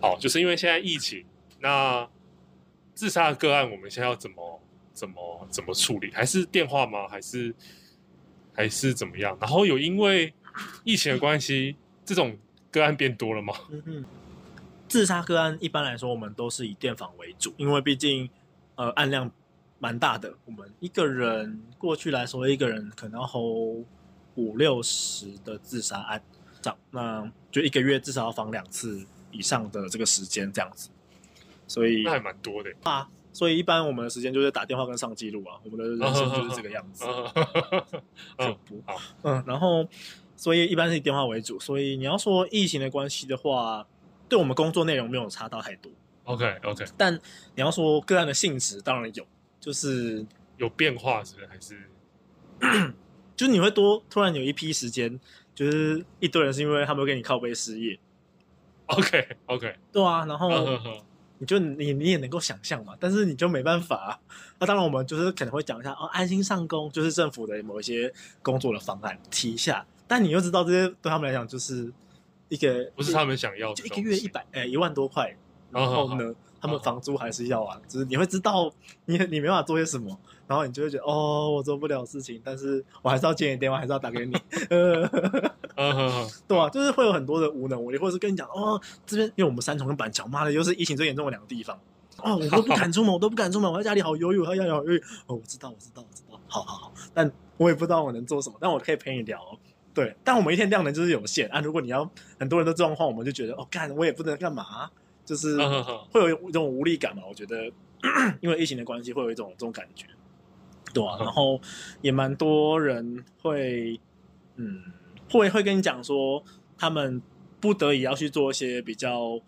好，就是因為現在疫情，那自殺個案，我們現在要怎麼怎麼怎麼處理？還是電話嗎？還是還是怎麼樣？然後有因為疫情的關係，這種個案變多了嗎？嗯哼。自殺個案一般來說我們都是以電訪為主，因為畢竟呃案量蠻大的，我們一個人過去來說，一個人可能要 hold 五六十的自殺案，這樣、呃，那就一個月至少要訪兩次。以上的這個時間這樣子，所以那還蠻多的啊。所以一般我們的時間就是打電話跟上記錄啊。我們的人生就是這個樣子，這麼多。不 嗯，然後所以一般是以電話為主。所以你要說疫情的關係的話，對我們工作內容沒有差到太多。OK OK。但你要說個案的性質，當然有，就是有變化是、是，是還是 就是你會多突然有一批時間，就是一堆人是因為他們會跟你靠背失業。OK，OK，okay, okay. 對啊，然後你就你你也能夠想象嘛，但是你就沒辦法啊。那當然，我們就是可能會講一下哦，安心上工就是政府的某一些工作的方案提一下，但你又知道這些對他們來講就是一個不是他們想要的，就一個月一百哎、欸、一萬多塊，然後呢、哦，他們房租還是要啊，就是你會知道你你沒辦法做些什麼，然後你就會覺得哦，我做不了事情，但是我還是要接你電話，還是要打給你。 嗯， 對啊，就是會有很多的無能為力，或者是跟你講哦，這邊因為我們三重跟板橋，媽的又是疫情最嚴重的兩個地方，哦，我都不敢出門，我都不敢出門，我在家裡好憂鬱，我在家裡好憂鬱哦，我知道，我知道，我知道，好好好，但我也不知道我能做什麼，但我可以陪你聊。對，但我們一天量能就是有限啊。如果你要很多人都這樣的話，我們就覺得哦，幹我也不能幹嘛，就是會有一種無力感嘛。我覺得 因為疫情的關係，會有一種這種感覺，對啊，然後也蠻多人會，嗯。會會跟你講說，他們不得已要去做一些比較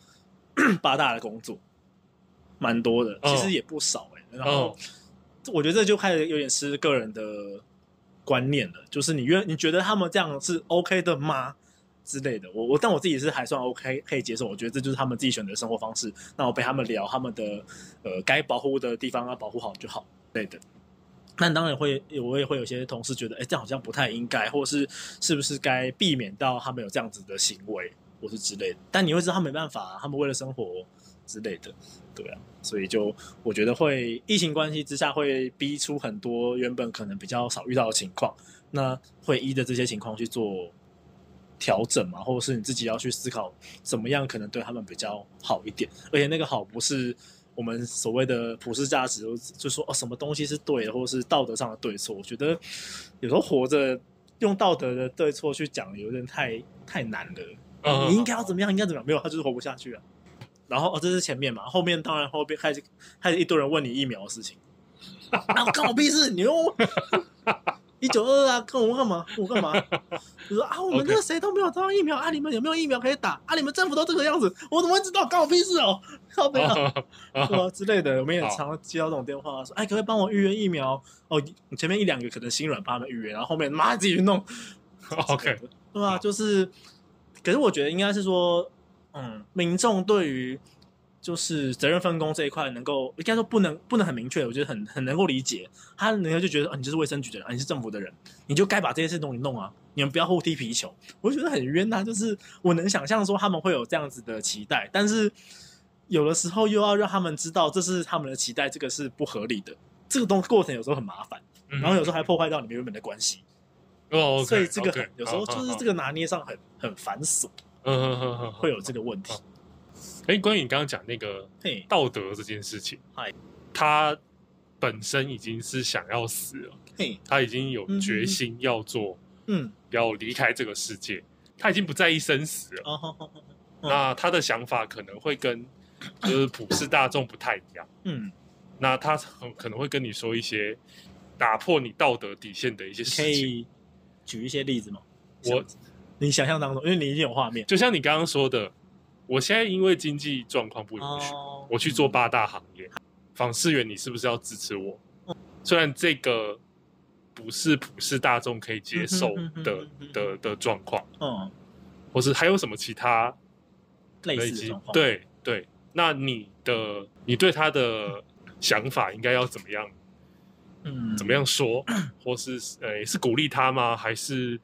八 大的工作，蠻多的，其實也不少哎、欸哦。然後、哦、我覺得這就開始有點是個人的觀念了，就是你願你覺得他們這樣是 OK 的嗎之類的？我我但我自己是還算 OK 可以接受，我覺得這就是他們自己選擇生活方式。那我陪他們聊他們的呃該保護的地方要保護好就好，對的。那當然會，我也會有些同事覺得，哎、欸，這樣好像不太應該，或者是是不是該避免到他們有這樣子的行為，或是之類的。但你會知道，他沒辦法，他們為了生活之類的，對啊。所以就我覺得會疫情關係之下，會逼出很多原本可能比較少遇到的情況，那會依着這些情況去做調整嘛，或者是你自己要去思考怎麼樣可能對他們比較好一點，而且那個好不是。我們所謂的普世價值，就說哦，什麼東西是對的，或者是道德上的對錯？我覺得有時候活着，用道德的對錯去講，有點太太難了。你、哦嗯嗯、應該要怎麼樣？嗯、應該怎麼樣？沒有，他就是活不下去了。然後哦，這是前面嘛，後面當然後面開始開始一堆人問你疫苗的事情。那我干我屁事！牛。 一九二啊，跟我幹嘛？ 我幹嘛？你說啊，我們這誰都沒有打疫苗 啊！你們有沒有疫苗可以打？啊，你們政府都這個樣子，我怎麼會知道？關我屁事哦、啊！要不要？ 對吧？之類的， 我們也常接到這種電話，說：“哎、啊，可不可以幫我預約疫苗哦。”前面一兩個可能心軟幫我預約，然後後面媽自己去弄。OK， 類的 對吧、啊？就是， 可是我覺得應該是說，嗯，民眾對於。就是責任分工這一塊，能夠應該說不能不能很明確，我覺得很很能夠理解。他人家就覺得、哦、你就是衛生局的人、啊，你是政府的人，你就該把這些事弄一弄啊，你們不要互踢皮球。我覺得很冤吶，就是我能想象說他們會有這樣子的期待，但是有的時候又要讓他們知道這是他們的期待，這個是不合理的。這個東過程有時候很麻煩，然後有時候還破壞到你們原本的關係。哦、嗯嗯嗯嗯，oh, okay, okay. 所以這個很，okay. 有時候就是這個拿捏上很很繁瑣，嗯嗯嗯，會有這個問題。Oh, okay. Okay. 哎、欸，關於你剛剛講那個道德這件事情，hey. 他本身已經是想要死了，hey. 他已經有決心要做，嗯、hey.，要離開這個世界，hey. 他已經不在意生死了。Hey. 那他的想法可能會跟就是普世大眾不太一樣，嗯、hey.，那他很可能會跟你說一些打破你道德底線的一些事情。可以舉一些例子嗎？我，我你想象當中，因為你已經有畫面，就像你剛剛說的。我現在因為經濟狀況不允許，oh, 我去做八大行業，訪視員，你是不是要支持我？Oh. 雖然這個不是普世大眾可以接受的 的的，的狀況，嗯、oh.，或是還有什麼其他類似的狀況？對對，那你的、oh. 你對他的想法應該要怎麼樣？Oh. 怎麼樣說，或是呃，是鼓勵他嗎？還是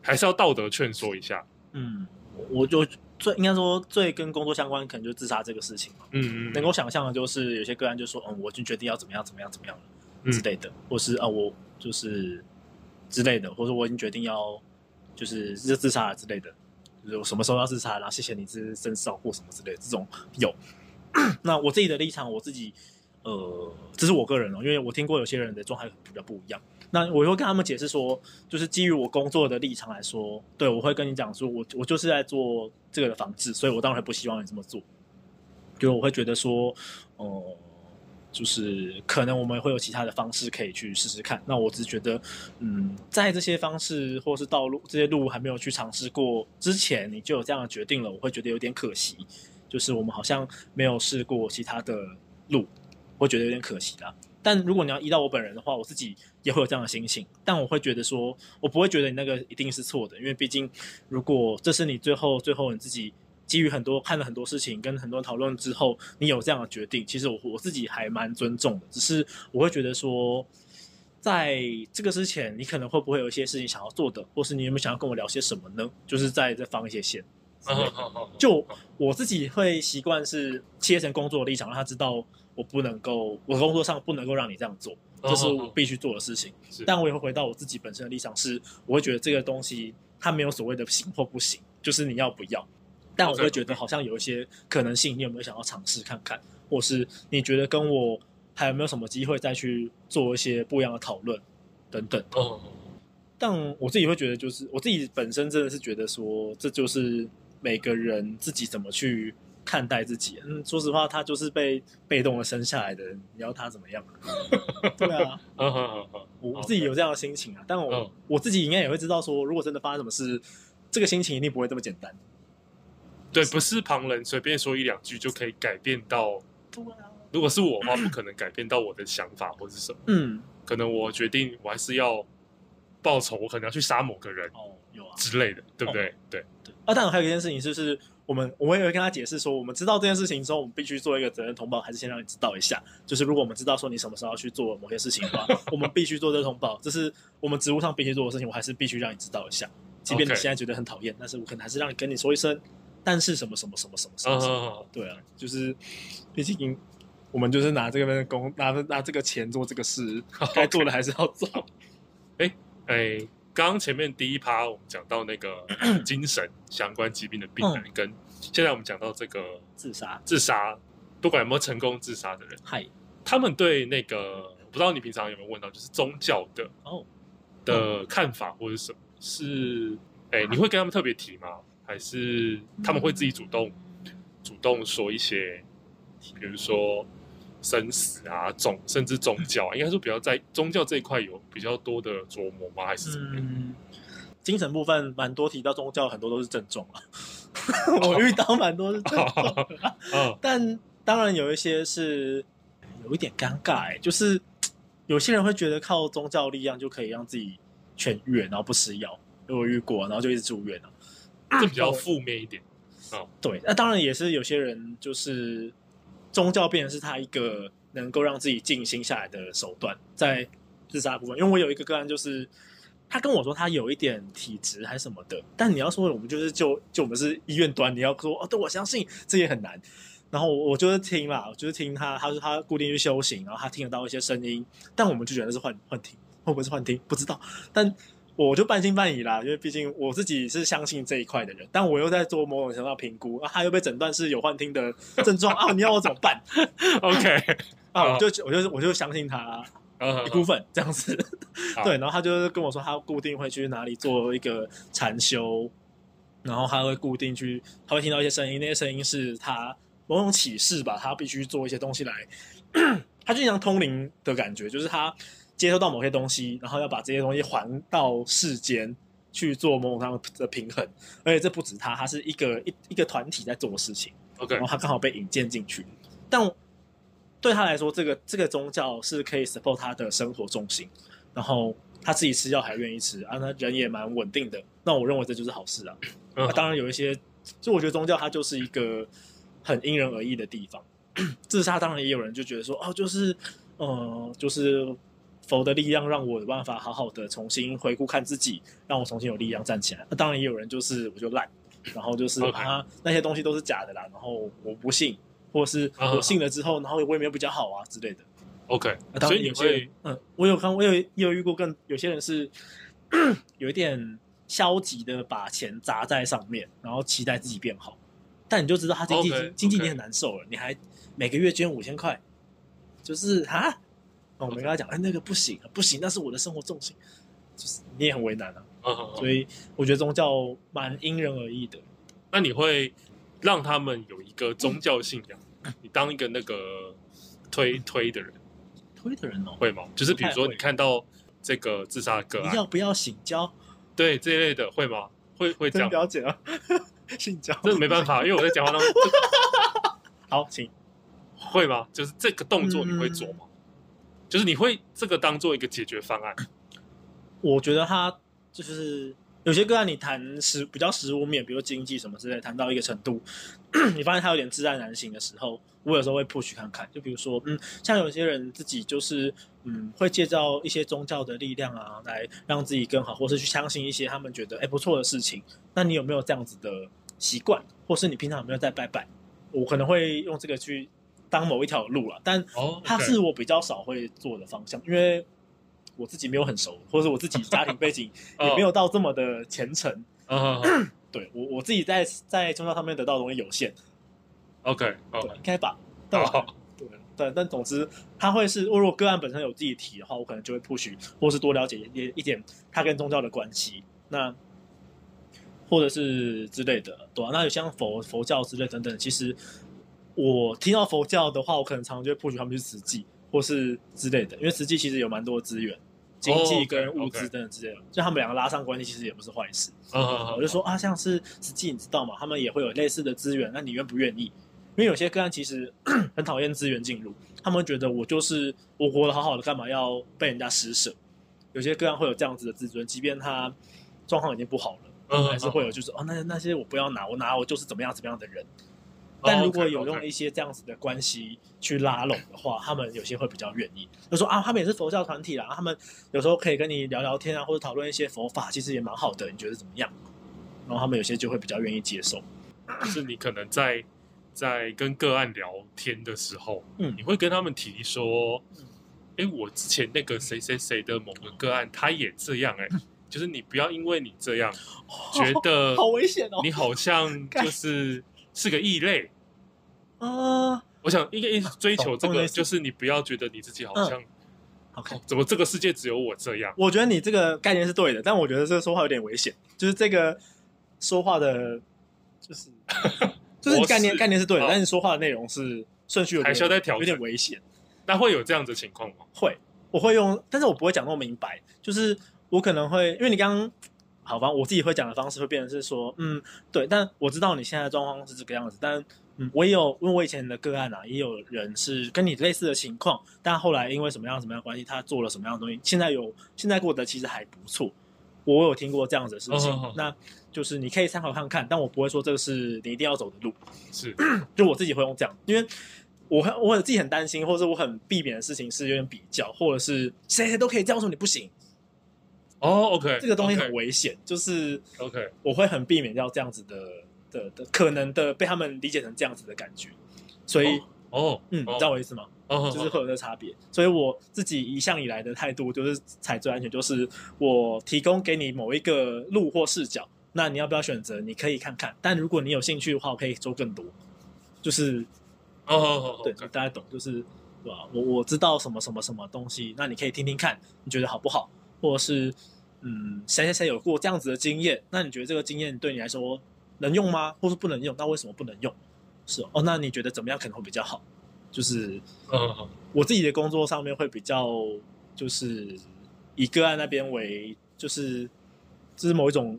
還是要道德勸說一下？嗯、oh.，我就。最應該說最跟工作相關，可能就是自殺這個事情嘛。嗯嗯，嗯，能夠想象的就是有些個案就說，嗯，我已經決定要怎麼樣怎麼樣怎麼樣了之類的，嗯、或是啊，我就是之類的，或者說我已經決定要就是就自殺之類的，就是、我什麼時候要自殺，然後謝謝你之贈送或什麼之類的這種有。 那我自己的立場，我自己呃，這是我個人哦，因為我聽過有些人的狀態可能比較不一樣。那我會跟他們解釋說，就是基於我工作的立場來說，對，我會跟你講說，我我就是在做這個的防治，所以我當然不希望你這麼做。就我會覺得說，哦、嗯，就是可能我們會有其他的方式可以去試試看。那我只覺得，嗯，在這些方式或是道路這些路還沒有去嘗試過之前，你就有這樣的決定了，我會覺得有點可惜。就是我們好像沒有試過其他的路，我會覺得有點可惜啦、啊。但如果你要移到我本人的話，我自己也會有這樣的心情。但我會覺得說，我不會覺得你那個一定是錯的，因為畢竟，如果這是你最後、最後你自己基於很多看了很多事情，跟很多人討論之後，你有這樣的決定，其實我我自己還蠻尊重的。只是我會覺得說，在這個之前，你可能會不會有一些事情想要做的，或是你有沒有想要跟我聊些什麼呢？就是再再放一些線。啊、就我自己會習慣是切成工作的立場，讓他知道。我不能夠，我工作上不能夠讓你這樣做，這是我必須做的事情。Oh, oh, oh. 但我也會回到我自己本身的立場是，是我會覺得這個東西它沒有所謂的行或不行，就是你要不要。但我會覺得好像有一些可能性，你有沒有想要嘗試看看，或是你覺得跟我還有沒有什麼機會再去做一些不一樣的討論等等。哦、oh, oh，但我自己會覺得，就是我自己本身真的是覺得說，這就是每個人自己怎麼去。看待自己、啊，嗯，說實話，他就是被被動的生下來的，你要他怎麼樣、啊？ 對啊，uh, uh, uh, uh, uh, 我自己有這樣的心情啊，okay. 但我、uh. 我自己應該也會知道說，說如果真的發生什麼事，這個心情一定不會這麼簡單。對，不是旁人隨便說一兩句就可以改變到。 如果是我的話，不可能改變到我的想法或者什麼。 嗯。可能我決定，我還是要報仇，我可能要去殺某個人。哦，有啊。之類的、oh, 啊，對不對？Oh. 對對。啊，但我還有一件事情，就是。我們我們也會跟他解釋說，我們知道這件事情之後，我們必須做一個責任通報，還是先讓你知道一下。就是如果我們知道說你什麼時候要去做某些事情的話， 我們必須做這通報，這是我們職務上必須做的事情。我還是必須讓你知道一下，即便你現在覺得很討厭，okay. 但是我可能還是讓你跟你說一聲。但是什麼什麼什麼什麼事情？啊、oh,，對啊，oh. 就是畢竟我們就是拿這份工，拿拿這個錢做這個事，該、oh, okay. 做的還是要做。哎、okay. 哎、 欸。欸剛剛前面第一趴，我們講到那個精神相關疾病的病人，跟現在我們講到這個自殺，自殺，不管有沒有成功自殺的人，他們對那個，我不知道你平常有沒有問到，就是宗教的哦的看法，或者什麼，是哎、欸，你會跟他們特別提嗎？還是他們會自己主動主動說一些，比如說。生死啊種，甚至宗教、啊，應該說比較在宗教這一塊有比較多的琢磨嗎？還是什麼，嗯？精神部分蠻多提到宗教，很多都是正宗啊。哦、 我遇到蠻多是正宗、啊，哦哦哦，但當然有一些是有一點尷尬，欸，就是有些人會覺得靠宗教力量就可以讓自己痊癒，然後不吃藥，我遇過，然後就一直住院了。這比較負面一點啊。對，那當然也是有些人就是。宗教變成是他一個能夠讓自己靜心下來的手段，在自殺部分，因為我有一個個案，就是他跟我說他有一點體質還什麼的，但你要說我們就是就就我們是醫院端，你要說哦，對，我相信這也很難。然後我，我就是聽了，我就是聽他，他說他固定去修行，然後他聽得到一些聲音，但我們就覺得是幻幻聽，會不會是幻聽？不知道，但。我就半信半疑啦，因為畢竟我自己是相信這一塊的人，但我又在做某種程度評估、啊，他又被診斷是有幻聽的症狀 啊，你要我怎麼辦 ？OK，啊，uh -huh. 就我就我就我就相信他一部分、uh -huh. 這樣子，uh -huh. 對，然後他就跟我說他固定會去哪裡做一個禪修，uh -huh. 然後他會固定去，他會聽到一些聲音，那些聲音是他某種啟示吧，他必須做一些東西來， 他就像通靈的感覺，就是他。接收到某些東西，然後要把這些東西還到世間去做某種上的平衡，而且這不止他，他是一個一一個團體在做的事情。OK，然後他剛好被引薦進去，但對他來說，這個這個宗教是可以 support 他的生活重心，然後他自己吃藥還願意吃啊，他人也蠻穩定的。那我認為這就是好事啊。嗯、啊當然有一些，就我覺得宗教它就是一個很因人而異的地方。 自殺當然也有人就覺得說，哦，就是嗯、呃，就是。佛的力量讓我有辦法好好的重新回顧看自己，讓我重新有力量站起來。那、啊、當然也有人就是我就賴，然後就是他、okay. 啊、那些東西都是假的啦，然後我不信，或是我信了之後，uh -huh. 然後我也沒有比較好啊之類的。OK，那、啊、當然也會。嗯，我有看，剛剛我有也有遇過，更有些人是 有一點消極的，把錢砸在上面，然後期待自己變好。但你就知道他經濟、okay. 經濟你很難受了，okay. 你還每個月捐五千塊，就是哈。我們跟他講，哎、欸，那個不行，不行，那是我的生活重心，就是你也很為難啊。Uh、-huh -huh. 所以我覺得宗教蠻因人而異的。那你會讓他們有一個宗教信仰？嗯、你當一個那個推、嗯、推的人，推的人哦，會嗎？就是比如說你看到這個自殺哥，你要不要醒交？對這一類的，會嗎？會會講了解啊？性 交？這沒辦法，因為我在講話當中。 好，請會嗎？就是這個動作你會做嗎？嗯就是你會這個當做一個解決方案？我覺得他就是有些個案，你談十比較實務面，比如經濟什麼之類，談到一個程度， 你發現他有點窒礙難行的時候，我有時候會 push 看看。就比如說，嗯，像有些人自己就是嗯，會借助一些宗教的力量啊，來讓自己更好，或是去相信一些他們覺得哎不錯的事情。那你有沒有這樣子的習慣，或是你平常有沒有在拜拜？我可能會用這個去。當某一條路了，但它是我比較少會做的方向，oh, okay. 因為我自己沒有很熟，或者我自己家庭背景也沒有到這麼的虔誠。 oh. 對，我我自己在在宗教上面得到的東西有限。OK，oh. 對，應該吧。Oh. 對，對，但總之，他會是如果個案本身有自己提的話，我可能就會 push 或是多了解一一點他跟宗教的關係，那或者是之類的，對啊，那有像佛佛教之類等等，其實。我聽到佛教的話，我可能常常就會破局，他們去慈濟或是之類的，因為慈濟其實有蠻多資源、經濟跟物資等等之類的，oh, okay, okay. 就他們兩個拉上關係，其實也不是壞事。Uh -huh, 我就說、uh -huh. 啊，像是慈濟，你知道嘛，他們也會有類似的資源，那你願不願意？因為有些個案其實 很討厭資源進入，他們覺得我就是我活得好好的，幹嘛要被人家施舍？有些個案會有這樣子的自尊，即便他狀況已經不好了，還、uh、是 -huh, 嗯 uh -huh. 會有就是哦，那那些我不要拿，我拿我就是怎麼樣怎麼樣的人。但如果有用一些這樣子的關係去拉攏的話，okay, okay. 他們有些會比較願意，就說啊，他們也是佛教團體啦，啊，他們有時候可以跟你聊聊天啊，或者討論一些佛法，其實也蠻好的，你覺得怎麼樣？然後他們有些就會比較願意接受。就是你可能在在跟個案聊天的時候，嗯，你會跟他們提說，哎，欸，我之前那個誰誰誰的某個個案，嗯，他也這樣，欸，哎，嗯，就是你不要因為你這樣，哦，覺得，哦，好危險哦，你好像就是。是個異類，啊、uh,！我想一個追求這個、啊，就是你不要覺得你自己好像、uh,，OK？、哦、怎麼這個世界只有我這樣？我覺得你這個概念是對的，但我覺得這個說話有點危險。就是這個說話的，就是 就是你概念概念是對的，哦、但是你說話的內容是順序有點還需要再調，有點危險。那會有這樣子情況嗎？會，我會用，但是我不會講那麼明白。就是我可能會，因為你剛剛。好吧，我自己會講的方式會變成是說，嗯，對，但我知道你現在狀況是這個樣子，但嗯，我也有，因為我以前的個案啊，也有人是跟你類似的情況，但後來因為什麼樣什麼樣的關係，他做了什麼樣的東西，現在有現在過得其實還不錯，我有聽過這樣子的事情，oh, oh, oh. 那就是你可以參考看看，但我不會說這個是你一定要走的路，是， 就我自己會用這樣，因為我我很自己很擔心，或者我很避免的事情是有點比較，或者是誰誰都可以這樣說你不行。哦、oh, okay,，OK，這個東西很危險，okay, 就是 OK，我會很避免掉這樣子的 okay, 的的可能的被他們理解成這樣子的感覺，所以哦，oh, oh, 嗯，oh, 你知道我意思嗎？哦、oh,，就是會有這差別，oh, oh, oh. 所以我自己一向以來的態度就是踩最安全，就是我提供給你某一個路或視角，那你要不要選擇？你可以看看，但如果你有興趣的話，我可以做更多，就是哦，哦、oh, 哦、oh, oh, okay. 對大家懂就是對吧、啊？我我知道什麼什麼什麼東西，那你可以聽聽看，你覺得好不好？或者是，嗯，誰誰誰有過這樣子的經驗？那你覺得這個經驗對你來說能用嗎？或是不能用？那為什麼不能用？是哦，哦，那你覺得怎麼樣可能會比較好？就是，嗯，我自己的工作上面會比較，就是以個案那邊為，就是就是某一種。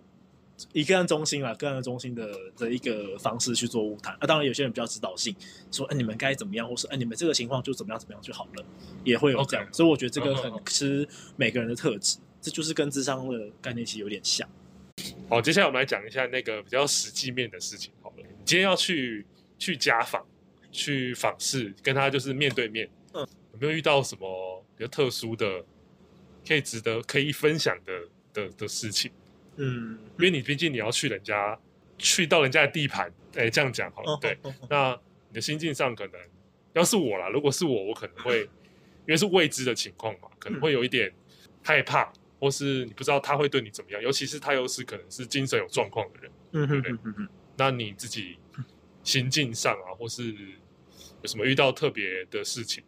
以個案中心啦，個案中心的的一個方式去做晤談。啊，當然，有些人比較指導性，說：“哎、欸，你們該怎麼樣？”或是“哎、欸，你們這個情況就怎麼樣怎麼樣就好了。”也會有這樣。Okay, 所以我覺得這個很吃每個人的特質、嗯，這就是跟諮商的概念其實有點像。好，接下來我們來講一下那個比較實際面的事情。好了，你今天要去去家訪，去訪視，跟他就是面對面。嗯，有沒有遇到什麼比較特殊的，可以值得可以分享的的的事情？嗯,嗯，因為你畢竟你要去人家，去到人家的地盤，哎、欸，這樣講好，了，哦、對、哦。那你的心境上可能，要是我啦，如果是我，我可能會，因為是未知的情況嘛、嗯，可能會有一點害怕，或是你不知道他會對你怎麼樣，尤其是他又是可能是精神有狀況的人。嗯哼、嗯嗯嗯。那你自己心境上啊，或是有什麼遇到特別的事情？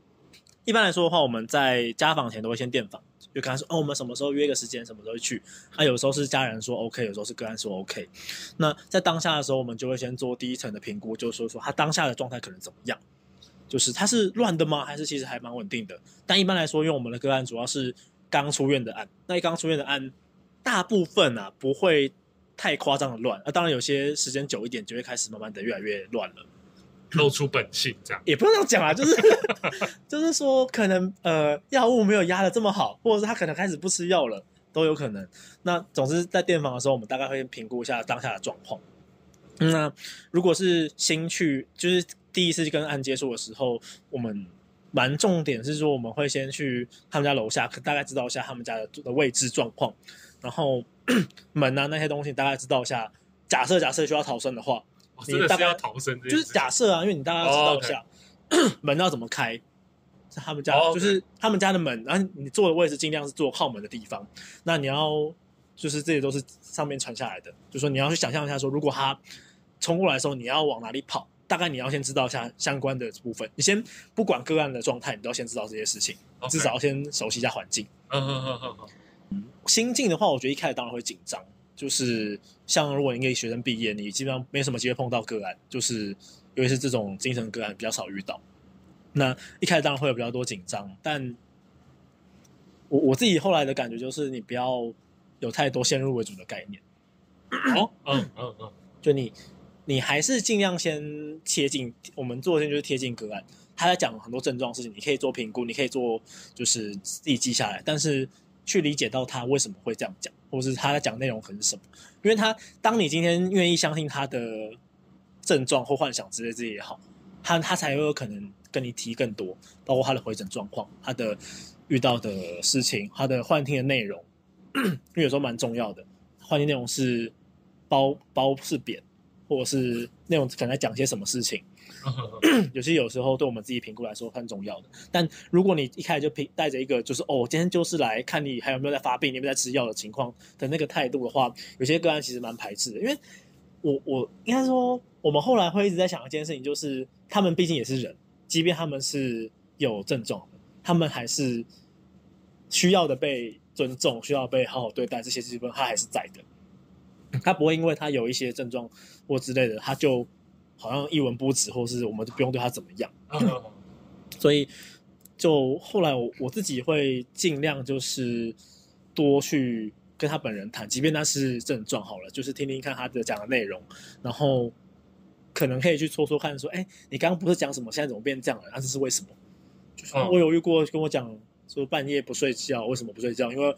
一般來說的話，我們在家訪前都會先電訪。就看他說哦，我們什麼時候約個時間，什麼時候去。那、啊、有時候是家人說 OK，有時候是個案說 OK。那在當下的時候，我們就會先做第一層的評估，就說說他當下的狀態可能怎麼樣，就是他是亂的嗎？還是其實還蠻穩定的？但一般來說，因為我們的個案主要是剛出院的案，那一剛出院的案，大部分啊不會太誇張的亂。那、啊、當然有些時間久一點，就會開始慢慢的越來越亂了。露出本性這樣，也不用這樣講啊，就是 就是說，可能呃藥物沒有壓得這麼好，或者是他可能開始不吃藥了，都有可能。那總之在電訪的時候，我們大概會評估一下當下的狀況。那如果是新去，就是第一次去跟案接觸的時候，我們蠻重點是說，我們會先去他們家樓下，大概知道一下他們家的的位置狀況，然後門啊那些東西，大概知道一下。假設假設需要逃生的話。你大概真的是要逃生，就是假設啊，因為你大家要知道一下，oh, okay. 門要怎麼開，是他們家，oh, okay. 就是他們家的門，然後你坐的位置盡量是坐靠門的地方。那你要就是這些都是上面傳下來的，就說，是，你要去想象一下說，說如果他衝過來的時候，你要往哪裡跑？大概你要先知道一下相關的部分。你先不管個案的狀態，你都要先知道這些事情，okay. 至少要先熟悉一下環境。嗯嗯嗯嗯嗯。新進的話，我覺得一開始當然會緊張。就是像如果你給學生畢業，你基本上沒什麼機會碰到個案，就是尤其是這種精神個案比較少遇到。那一開始當然會有比較多緊張，但我我自己後來的感覺就是，你不要有太多先入為主的概念。哦，嗯嗯嗯，就你你還是盡量先貼近，我們做的先就是貼近個案，他在講很多症狀事情，你可以做評估，你可以做就是自己記下來，但是。去理解到他為什麼會這樣講，或者是他在講內容很什麼，因為他當你今天願意相信他的症狀或幻想之類之類也好，他他才會有可能跟你提更多，包括他的回診狀況、他的遇到的事情、他的幻聽的內容， 因為有時候蠻重要的，幻聽內容是褒褒是貶，或者是那種可能在講些什麼事情，有些 有時候對我們自己評估來說很重要的。但如果你一開始就平帶着一個就是哦，我今天就是來看你還有沒有在發病，你有沒有在吃藥的情況的那個態度的話，有些個案其實蠻排斥的。因為我我應該說，我們後來會一直在想一件事情，就是他們畢竟也是人，即便他們是有症狀，他們還是需要的被尊重，需要的被好好對待，這些基本他還是在的。他不會因為他有一些症狀或之類的，他就好像一文不值，或是我們就不用對他怎麼樣。Oh. 所以，就後來我我自己會儘量就是多去跟他本人談，即便他是症狀好了，就是聽聽看他的講的內容，然後可能可以去戳戳看，說：“哎、欸，你剛剛不是講什麼？現在怎麼變這樣了？那、啊、這是為什麼？” oh. 就是我有遇過跟我講說半夜不睡覺，為什麼不睡覺？因為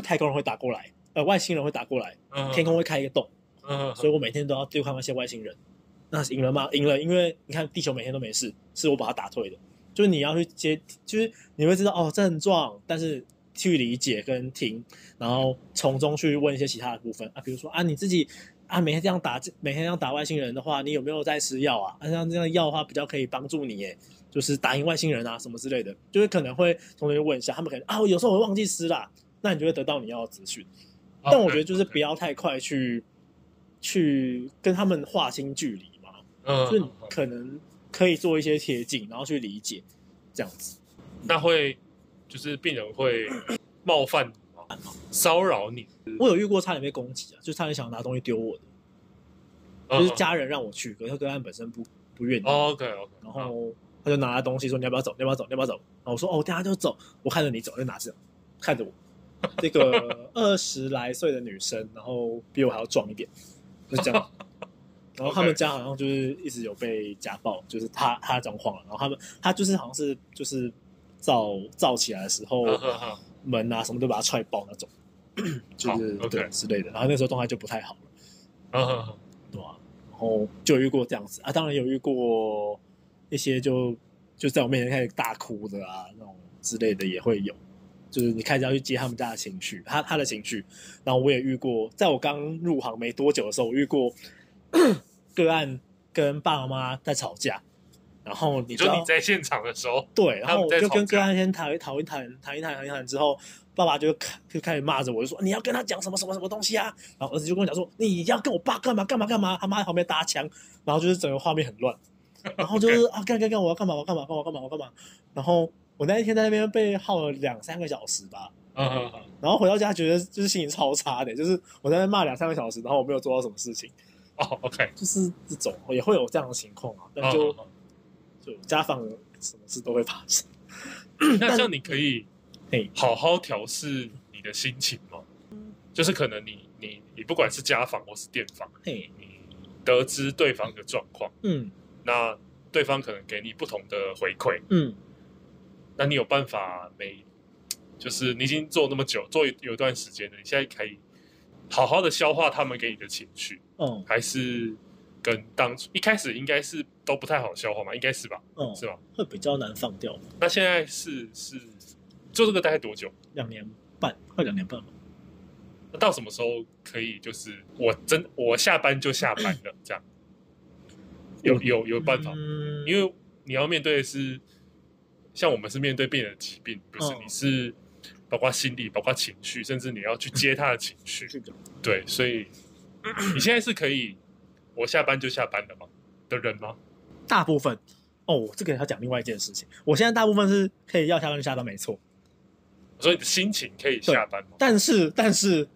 太空人會打過來。呃，外星人會打過來，天空會開一個洞，uh -huh. 所以我每天都要對抗那些外星人。那是贏了嗎？贏了，因為你看地球每天都沒事，是我把它打退的。就是你要去接，就是你會知道哦，症狀，但是去理解跟聽，然後從中去問一些其他的部分啊，比如說啊，你自己啊，每天這樣打，每天這樣打外星人的話，你有沒有在吃藥啊？像、啊、這樣藥的話，比較可以幫助你，哎，就是打贏外星人啊，什麼之類的，就是可能會從中問一下，他們可能啊，我有時候我會忘記吃啦、啊，那你就會得到你要的資訊。但我覺得就是不要太快去，oh, okay, okay. 去跟他們劃清距離嘛。嗯，就可能可以做一些貼近，然後去理解這樣子。那會就是病人會冒犯你嗎？騷、嗯、擾你？我有遇過差點被攻擊啊，就差點想要拿東西丟我的。Oh, 就是家人讓我去，可是他跟他本身不不願意。Oh, OK OK，然後他就拿東西說、嗯：“你要不要走？你要不要走？你要不要走？”然後我說：“哦，大家就走。”我看着你走，就拿着，看着我。那、這個二十來歲的女生，然後比我還要壯一點，就這樣。然後他們家好像就是一直有被家暴，就是他他狀況。然後他們他就是好像是就是躁躁起來的時候，uh、-huh -huh. 門啊什麼都把他踹爆那種，就是、uh、-huh -huh. 對、okay. 之類的。然後那時候狀態就不太好了，uh、-huh -huh. 對吧？然後就有遇過這樣子啊，當然有遇過一些就就在我面前開始大哭的啊，那種之類的也會有。就是你開始要去接他們家的情緒，他他的情緒，然後我也遇過，在我剛入行沒多久的時候，我遇過 個案跟爸媽在吵架，然後你說你在現場的時候，對，他們在吵架，然後我就跟個案先談一談一談談一談談一談之後，爸爸就開就開始罵着我，就說你要跟他講什麼什麼什麼東西啊，然後兒子就跟我講說你要跟我爸幹嘛幹嘛幹嘛，他媽在旁邊搭腔，然後就是整個畫面很亂，然後就是啊幹幹幹我要幹嘛我幹嘛幹嘛幹嘛幹嘛，然後。我那一天在那邊被耗了兩三個小時吧，嗯，然後回到家覺得就是心情超差的，欸，就是我在那罵兩三個小時，然後我沒有做到什麼事情。哦、oh,，OK，就是這種也會有這樣的情況啊，但就，oh, okay. 就家訪什麼事都會發生。 那這樣你可以好好調適你的心情嗎？ 就是可能你你你不管是家訪或是電訪，嘿， 你得知對方的狀況，嗯，那對方可能給你不同的回饋，嗯。那你有辦法沒？就是你已經做那麼久，做有一段時間了，你現在可以好好的消化他們給你的情緒，嗯、哦，還是跟當初一開始應該是都不太好消化嘛，應該是吧，嗯、哦，是吧，會比較難放掉。那現在是是做這個大概多久？兩年半，快兩年半吧。那到什麼時候可以？就是我真我下班就下班了， 這樣有有有辦法，嗯，因為你要面對的是。像我們是面對病人，的疾病，不是你是包括心理、哦、包括情緒，甚至你要去接他的情緒。 對，所以 你現在是可以，我下班就下班的嗎？的人嗎？大部分哦，我這個要講另外一件事情。我現在大部分是可以要下班就下班，沒錯。所以心情可以下班嗎？但是，但是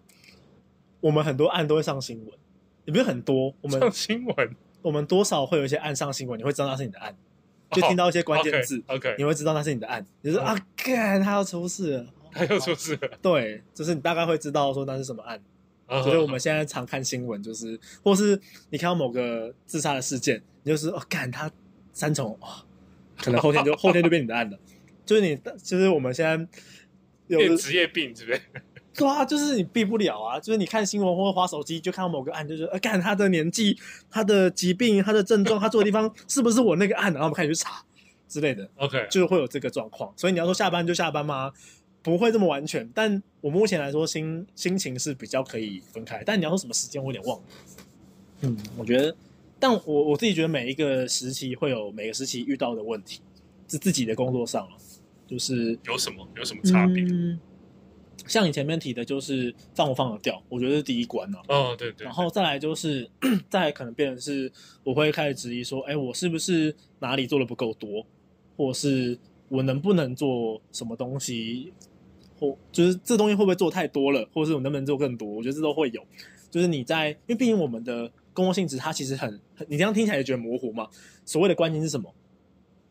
我們很多案都會上新聞，也不是很多。我們上新聞，我們多少會有一些案上新聞，你會知道那是你的案。就聽到一些關鍵字、oh, okay，OK，你會知道那是你的案子。Okay. 你就說啊，幹，他要出事了，他要出事了、啊。對，就是你大概會知道說那是什麼案。就、oh, 是我們現在常看新聞，就是或是你看到某個自殺的事件，你就是哦，幹、啊，他三重哇、啊，可能後天就後天就變你的案了。 就是你，就是我們現在有職業病是不是，之類的。對啊，就是你避不了啊，就是你看新聞或者滑手機，就看到某個案，就是呃，看、啊、他的年紀、他的疾病、他的症狀、 他住的地方是不是我那個案，然後我們開始去查之類的。OK，就是會有這個狀況。所以你要說下班就下班嗎？不會這麼完全。但我們目前來說，心心情是比較可以分開。但你要說什麼時間，我有點忘了。嗯，我覺得，但我我自己覺得每一個時期會有每個時期遇到的問題，是自己的工作上、嗯、就是有什麼有什麼差別。嗯像你前面提的，就是放不放得掉，我覺得是第一關了、啊。啊、哦、對，對對。然後再來就是，再來可能變成是，我會開始質疑說，哎，我是不是哪裡做的不夠多，或是我能不能做什麼東西，或就是這東西會不會做太多了，或者是我能不能做更多？我覺得這都會有。就是你在，因為畢竟我們的工作性質，它其實很，很，你這樣聽起來也覺得模糊嘛。所謂的關心是什麼？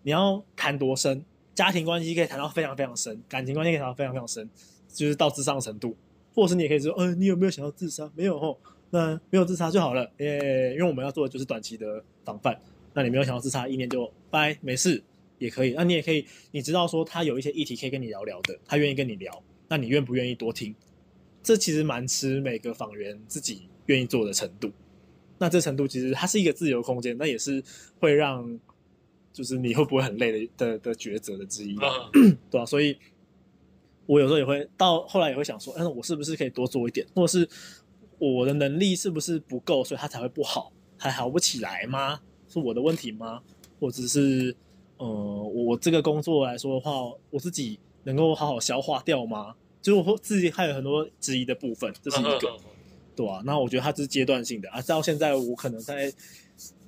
你要談多深？家庭關係可以談到非常非常深，感情關係可以談到非常非常深。就是到自殺的程度，或者是你也可以說，嗯、呃，你有沒有想要自殺？沒有吼、哦，那沒有自殺就好了。耶，因為我們要做的就是短期的防範。那你沒有想要自殺，意念就拜，沒事也可以。那你也可以，你知道說他有一些議題可以跟你聊聊的，他願意跟你聊，那你願不願意多聽？這其實蠻吃每個訪員自己願意做的程度。那這程度其實它是一個自由空間，那也是會讓，就是你會不會很累的的的抉擇的之一，啊、 對吧、啊？所以。我有時候也會到後來也會想說，但、啊、是我是不是可以多做一點，或者是我的能力是不是不夠，所以它才會不好，還好不起來嗎？是我的問題嗎？或者是，呃，我這個工作來說的話，我自己能夠好好消化掉嗎？就是我自己還有很多質疑的部分，這是一個，啊啊啊啊對啊，那我覺得它是階段性的啊。到現在我可能在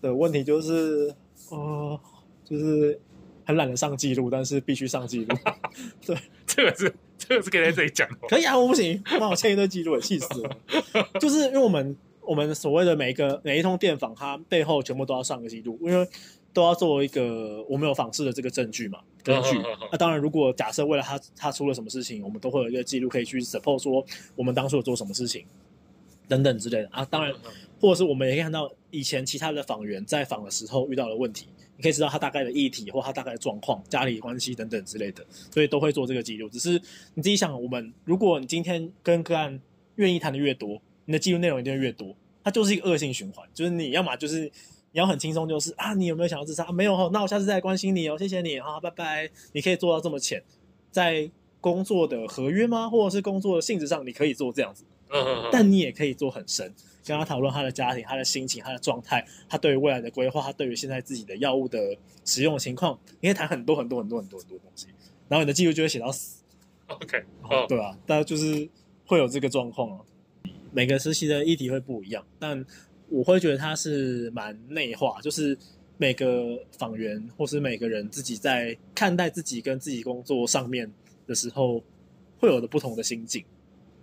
的問題就是，啊、呃、就是很懶得上記錄，但是必須上記錄。 對，這個是。這是可以在這裡講、嗯、可以啊，我不行，那我簽一堆記錄，也氣死了。 就是因為我們我們所謂的每一個每一通電訪，它背後全部都要上個記錄，因為都要作為一個我們有訪視的這個證據嘛，根據。那、 啊、當然，如果假設為了他他出了什麼事情，我們都會有一個記錄可以去 support 說我們當初有做什麼事情等等之類的啊，當然。 或者是我們也可以看到以前其他的訪員在訪的時候遇到的問題，你可以知道他大概的議題或他大概的狀況、家裡關係等等之類的，所以都會做這個記錄。只是你自己想，我們如果你今天跟個案願意談的越多，你的記錄內容一定越多。它就是一個惡性循環，就是你要嘛就是你要很輕鬆，就是啊，你有沒有想要自殺？沒有吼、哦，那我下次再關心你哦，謝謝你啊，拜拜。你可以做到這麼淺，在工作的合約嗎？或者是工作的性質上，你可以做這樣子？嗯，但你也可以做很深，跟他討論他的家庭、他的心情、他的狀態、他對於未來的規劃、他對於現在自己的藥物的使用情況，你可以談很多很多很多很多很多東西，然後你的記錄就會寫到死。OK，oh，對吧，啊？但就是會有這個狀況啊。每個實習的議題會不一樣，但我會覺得他是蠻內化，就是每個訪員或是每個人自己在看待自己跟自己工作上面的時候，會有的不同的心境。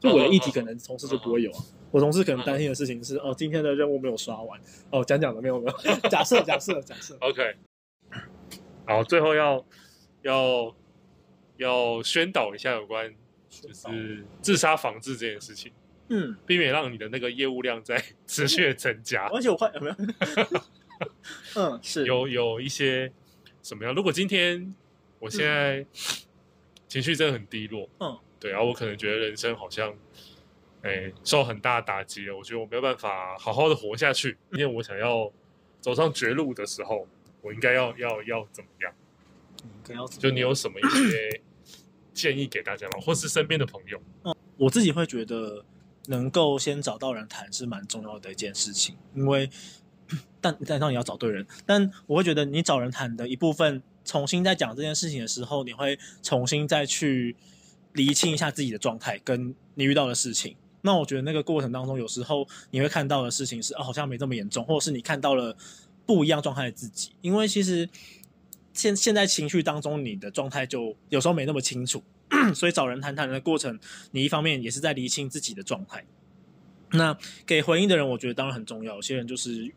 就我的議題，可能同事就不會有啊、哦哦。我同事可能擔心的事情是哦：哦，今天的任務沒有刷完。哦，講講的沒有沒有 假設，假設假設假設。OK。好，最後要要要宣導一下有關就是自殺防治這件事情。嗯。避免讓你的那個業務量在持續增加。而 且我會有沒有？ 嗯，是有有一些什麼樣？如果今天我現在情緒真的很低落，嗯。嗯對，然後我可能覺得人生好像，哎，受很大打擊了。我覺得我沒有辦法好好的活下去，因為我想要走上絕路的時候，我應該要要要怎麼樣？應該要怎麼樣？就你有什麼一些建議給大家嗎？或是身邊的朋友？嗯，我自己會覺得能夠先找到人談是蠻重要的一件事情，因為但但當然要找對人，但我會覺得你找人談的一部分，重新再講這件事情的時候，你會重新再去。釐清一下自己的狀態，跟你遇到的事情。那我覺得那個過程當中，有時候你會看到的事情是，哦、啊，好像沒這麼嚴重，或者是你看到了不一樣狀態的自己。因為其實現現在情緒當中，你的狀態就有時候沒那麼清楚。 所以找人談談的過程，你一方面也是在釐清自己的狀態。那給回應的人，我覺得當然很重要。有些人就是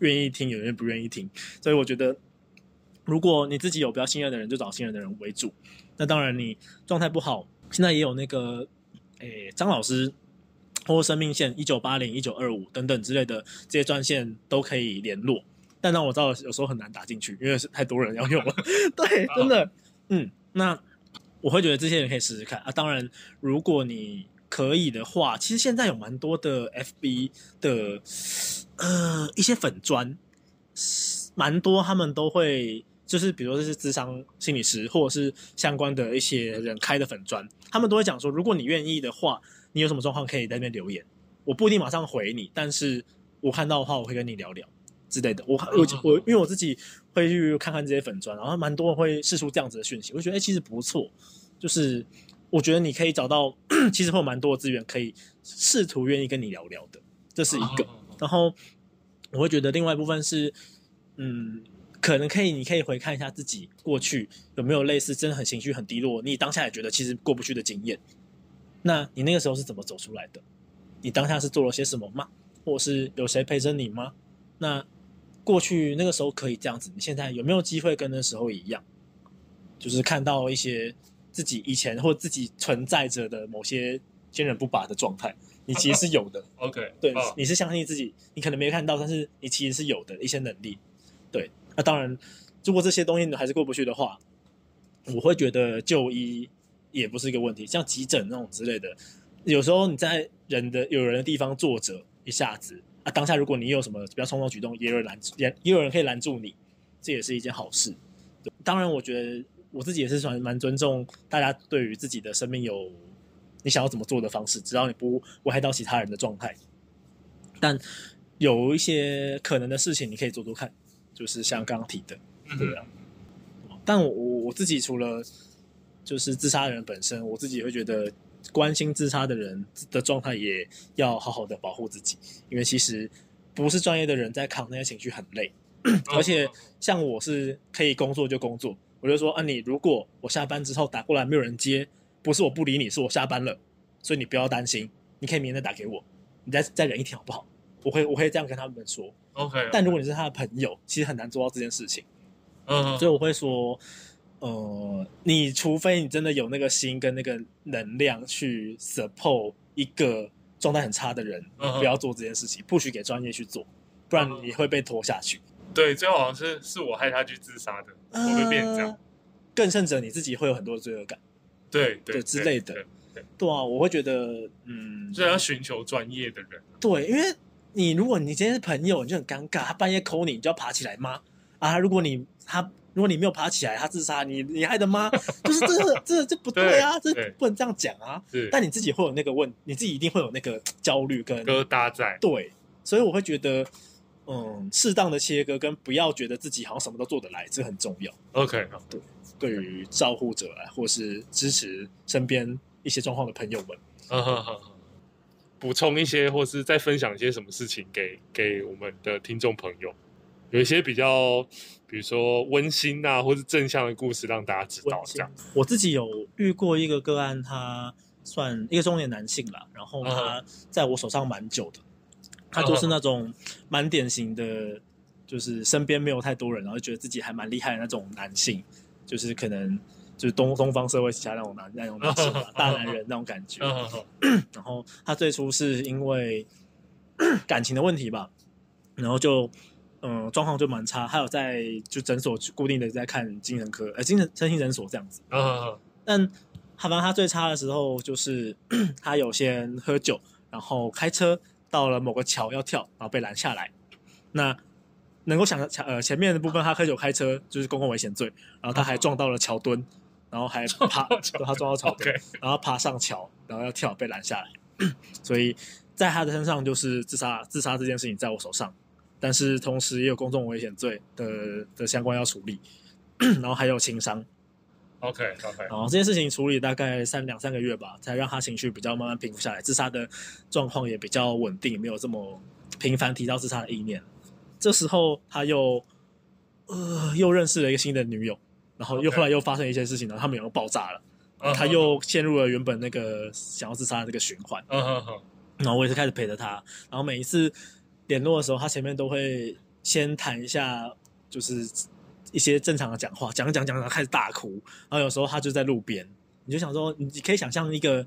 願意聽，有些人不願意聽。所以我覺得，如果你自己有比較信任的人，就找信任的人為主。那當然，你狀態不好。現在也有那個，誒，張老師，或生命線一九八零、一九二五等等之類的這些專線都可以聯絡，但讓我知道有時候很難打進去，因為是太多人要用了。 對，真的，哦、嗯，那我會覺得這些人可以試試看啊。當然，如果你可以的話，其實現在有蠻多的 FB 的，呃，一些粉專，蠻多他們都會。就是比如說，這是諮商心理師，或者是相關的一些人開的粉專，他們都會講說，如果你願意的話，你有什麼狀況可以在那邊留言。我不一定馬上回你，但是我看到的話，我會跟你聊聊之類的。我我我，因為我自己會去看看這些粉專，然後蠻多人會釋出這樣子的訊息，我覺得哎、欸，其實不錯。就是我覺得你可以找到， 其實會有蠻多的資源可以試圖願意跟你聊聊的，這是一個、啊。然後我會覺得另外一部分是，嗯。可能可以，你可以回看一下自己過去有沒有類似真的很情緒很低落，你當下也覺得其實過不去的經驗。那你那個時候是怎麼走出來的？你當下是做了些什麼嗎？或者是有誰陪着你嗎？那過去那個時候可以這樣子，你現在有沒有機會跟那時候一樣？就是看到一些自己以前或自己存在着的某些堅韌不拔的狀態，你其實是有的。OK，對，你是相信自己，你可能沒看到，但是你其實是有的一些能力。那、啊、當然，如果這些東西你還是過不去的話，我會覺得就醫也不是一個問題。像急診那種之類的，有時候你在人的有人的地方坐着，一下子啊，當下如果你有什麼比較衝動舉動，也有人攔也也有人可以攔住你，這也是一件好事。當然，我覺得我自己也是蠻蠻尊重大家對於自己的生命有你想要怎麼做的方式，只要你不危害到其他人的狀態。但有一些可能的事情，你可以做做看。就是像剛剛提的，對、嗯、啊。但我我自己除了就是自殺的人本身，我自己會覺得關心自殺的人的狀態也要好好的保護自己，因為其實不是專業的人在扛那些情緒很累。嗯、而且像我是可以工作就工作，我就說，啊，你如果我下班之後打過來沒有人接，不是我不理你，是我下班了，所以你不要擔心，你可以明天再打給我，你再再忍一天好不好？我會我會這樣跟他們說，OK, okay. 但如果你是他的朋友，其實很難做到這件事情。嗯、uh -huh.，所以我會說，呃，你除非你真的有那個心跟那個能量去 support 一個狀態很差的人，uh -huh. 你不要做這件事情，不許給專業去做，不然你會被拖下去。Uh -huh. 對，最後好像是是我害他去自殺的，uh -huh. 我會變成這樣，更甚者你自己會有很多罪惡感，對對之類的，uh -huh. 對啊，我會覺得，嗯，所以要尋求專業的人，對，因為。你如果你今天是朋友，你就很尷尬。他半夜 call 你，你就要爬起來嗎？啊，如果你他如果你沒有爬起來，他自殺，你你害的嗎？就是這這這不對啊，這不能這樣講啊。但你自己會有那個問，你自己一定會有那個焦慮跟疙瘩在。對，所以我會覺得，嗯，適當的切割跟不要覺得自己好像什麼都做得來，這很重要。OK，對，對於照護者啊，或是支持身邊一些狀況的朋友們。補充一些，或是再分享一些什麼事情給給我們的聽眾朋友，有一些比較，比如說溫馨啊，或是正向的故事，讓大家知道。這樣，我自己有遇過一個個案，他算一個中年男性了，然後他在我手上蠻久的，他、啊、就是那種蠻典型的，就是身邊沒有太多人，然後覺得自己還蠻厲害的那種男性，就是可能。就是東東方社會下那種男那種男大男人那種感覺。 然後他最初是因為 感情的問題吧，然後就嗯狀況就蠻差。他有在就診所固定的在看精神科，呃、欸、精神身心診所這樣子。啊， 但他反正他最差的時候就是 他有先喝酒，然後開車到了某個橋要跳，然後被攔下來。那能夠想到前呃前面的部分，他喝酒開車就是公共危險罪，然後他還撞到了橋墩。 然後還爬，他撞到橋，然後爬上橋，然後要跳，被攔下來。所以在他的身上，就是自殺自殺這件事情在我手上，但是同時也有公眾危險罪的的相關要處理，然後還有輕傷。OK OK。然後這件事情處理大概三兩三個月吧，才讓他情緒比較慢慢平復下來，自殺的狀況也比較穩定，沒有這麼頻繁提到自殺的意念。這時候他又呃又認識了一個新的女友。然後又後來又發生一些事情，Okay. 然後他們兩個爆炸了，uh、-huh -huh. 他又陷入了原本那個想要自殺的這個循環。Uh、-huh -huh. 然後我也是開始陪着他，然後每一次聯絡的時候，他前面都會先談一下，就是一些正常的講話，講講講講，講然後開始大哭。然後有時候他就在路邊，你就想說，你可以想象一個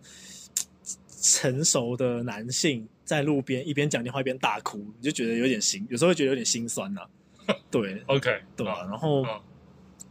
成熟的男性在路邊一邊講電話一邊大哭，你就覺得有點心，有時候會覺得有點心酸吶、啊。對 ，OK，對吧、啊？然後。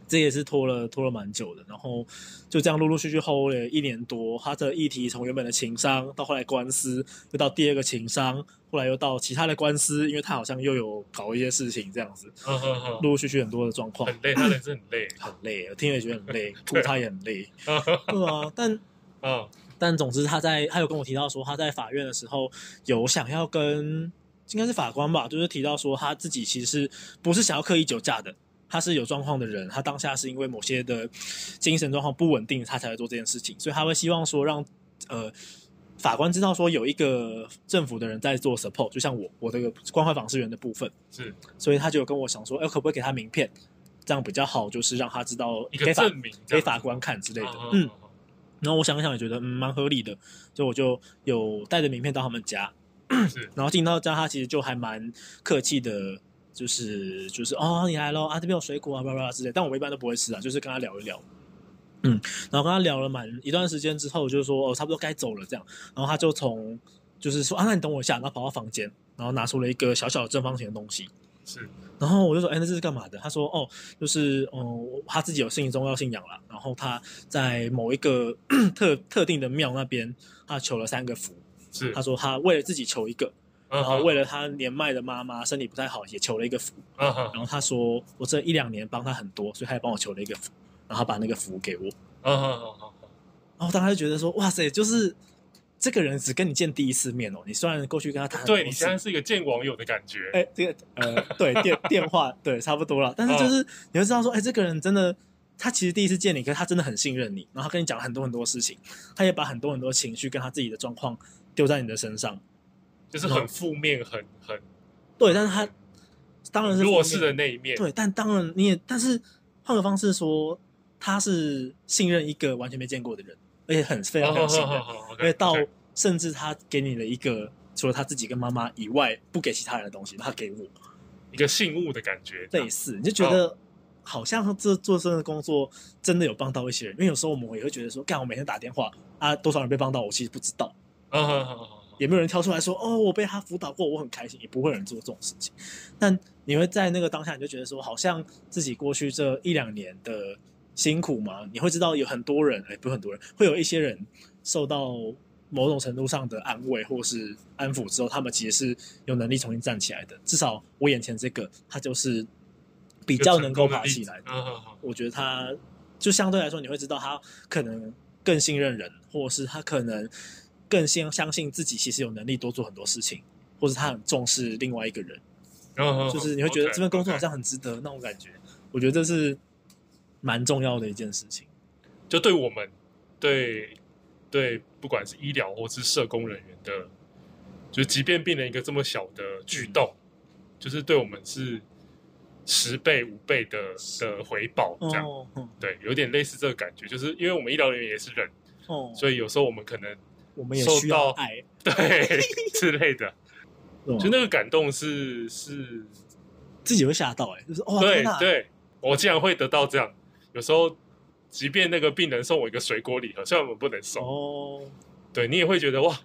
這也是拖了拖了蠻久的，然後就這樣陸陸續續 hold 了一年多。他的議題從原本的情商，到後來官司，又到第二個情商，後來又到其他的官司，因為他好像又有搞一些事情這樣子。陸、oh, oh, oh. 陸續續很多的狀況。很累，他人是很累，嗯、很累，我聽了也覺得很累，哭他也很累。啊對啊，但嗯，oh. 但總之他在，他有跟我提到說他在法院的時候有想要跟，應該是法官吧，就是提到說他自己其實不是想要刻意酒駕的。他是有狀況的人，他當下是因為某些的精神狀況不穩定，他才會做這件事情，所以他會希望說讓呃法官知道說有一個政府的人在做 support，就像我我這個關懷訪視員的部分是，所以他就有跟我想說，哎、欸，可不可以給他名片，這樣比較好，就是讓他知道給法給法官看之類的，哦哦哦哦嗯，然後我想想也覺得嗯蠻合理的，所以我就有帶着名片到他們家， 然後進到家，他其實就還蠻客氣的。就是就是哦，你來咯，啊！這邊有水果啊，巴拉巴拉之類。但我們一般都不會吃啊，就是跟他聊一聊。嗯，然後跟他聊了蠻一段時間之後，就是說哦，差不多該走了這樣。然後他就從就是說啊，那你等我一下，然後跑到房間，然後拿出了一個小小的正方形的東西。是。然後我就說，哎，那這是幹嘛的？他說，哦，就是嗯、呃，他自己有信仰宗教信仰了，然後他在某一個 特特定的廟那邊，他求了三個福。是。他說他為了自己求一個。然後為了他年邁的媽媽，身體不太好，也求了一個福、嗯。然後他說：“我這一兩年幫他很多，所以他也幫我求了一個福，然後把那個福給我。”嗯，好，然後當時就覺得說：“哇塞，就是這個人只跟你見第一次面哦，你雖然過去跟他談，對，你現在是一個見網友的感覺。”哎，這個呃，對電 電話對，差不多了，但是就是、嗯、你會知道說，哎，這個人真的他其實第一次見你，可是他真的很信任你，然後跟你講了很多很多事情，他也把很多很多情緒跟他自己的狀況丟在你的身上。就是很負面，oh. 很很，對，但是他當然是弱勢的那一面，對，但當然你也，但是換個方式說，他是信任一個完全沒見過的人，而且很非常信任。Oh, oh, oh, oh, okay, okay. 因為到甚至他給你了一個除了他自己跟媽媽以外，不給其他人的東西，他給我一個信物的感覺，類似、啊、你就覺得好像這做這樣的工作真的有幫到一些人，因為有時候我們也會覺得說，幹我每天打電話啊，多少人被幫到，我其實不知道，嗯嗯嗯嗯。也沒有人跳出來說哦，我被他輔導過，我很開心，也不會有人做這種事情。但你會在那個當下，你就覺得說，好像自己過去這一兩年的辛苦嘛，你會知道有很多人，哎，不是很多人，會有一些人受到某種程度上的安慰或是安撫之後，他們其實是有能力重新站起來的。至少我眼前這個，他就是比較能夠爬起來的。我覺得他就相對來說，你會知道他可能更信任人，或者是他可能。更先相信自己，其實有能力多做很多事情，或是他很重視另外一個人，嗯、oh, okay, okay. 就是你會覺得這份工作好像很值得那種感覺。我覺得這是蠻重要的一件事情，就對我們，對對，不管是醫療或是社工人員的，就是即便病人一個這麼小的舉動、嗯，就是對我們是十倍五倍的的回報，這樣，oh. 對，有點類似這個感覺，就是因為我們醫療人員也是人，oh. 所以有時候我們可能。我們也需要愛受到，對 之類的， 就那個感動是是自己會嚇到哎、欸，就是哇對對，我竟然會得到這樣。有時候，即便那個病人送我一個水果禮盒，雖然我們不能收、哦、對你也會覺得哇。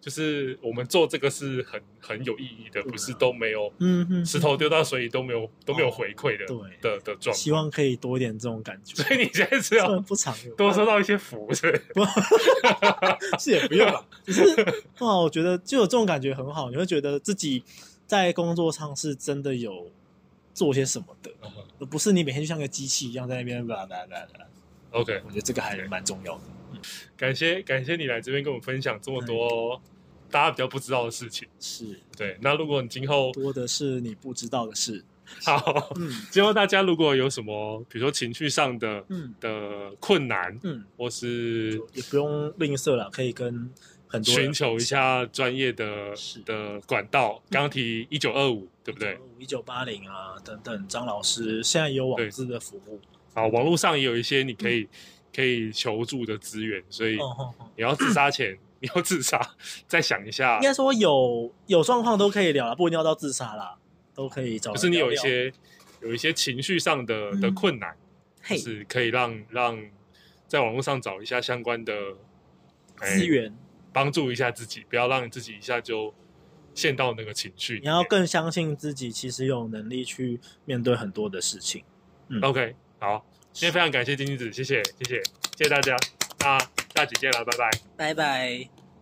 就是我們做這個是很很有意義的，啊、不是都沒有，嗯嗯，石頭丟到水裡都沒有、哦、都沒有回饋的，對的的狀態。希望可以多一點這種感覺，所以你現在這樣，不常用，多收到一些福是是，對 不？ 是也不用，就 是哇，我覺得就有這種感覺很好，你會覺得自己在工作上是真的有做些什麼的，嗯、不是你每天就像個機器一樣在那邊啦啦啦啦，OK，我覺得這個還蠻重要的。Okay. 感謝感謝你來這邊跟我們分享這麼多大家比較不知道的事情。嗯、是對。那如果你今後多的是你不知道的事，好，嗯，今後大家如果有什麼，比如說情緒上的、嗯、的困難，嗯，或是也不用吝嗇了，可以跟很多尋求一下專業的的管道。剛、嗯、剛提一九二五，對不對？一九八零啊，等等。張老師現在也有網資的服務啊，網路上也有一些你可以。嗯可以求助的資源，所以你要自殺前， 你要自殺再想一下。應該說有有狀況都可以聊了，不一定要到自殺了，都可以找聊聊。可、就是你有一些有一些情緒上的的困難，嗯，就是可以讓讓在網絡上找一下相關的資、欸、源，幫助一下自己，不要讓自己一下就陷到那個情緒。你要更相信自己，其實有能力去面對很多的事情。嗯，嗯，OK，好。今天非常感謝丁丁子，謝謝，謝謝，謝謝大家。那下集見了，拜拜，拜拜。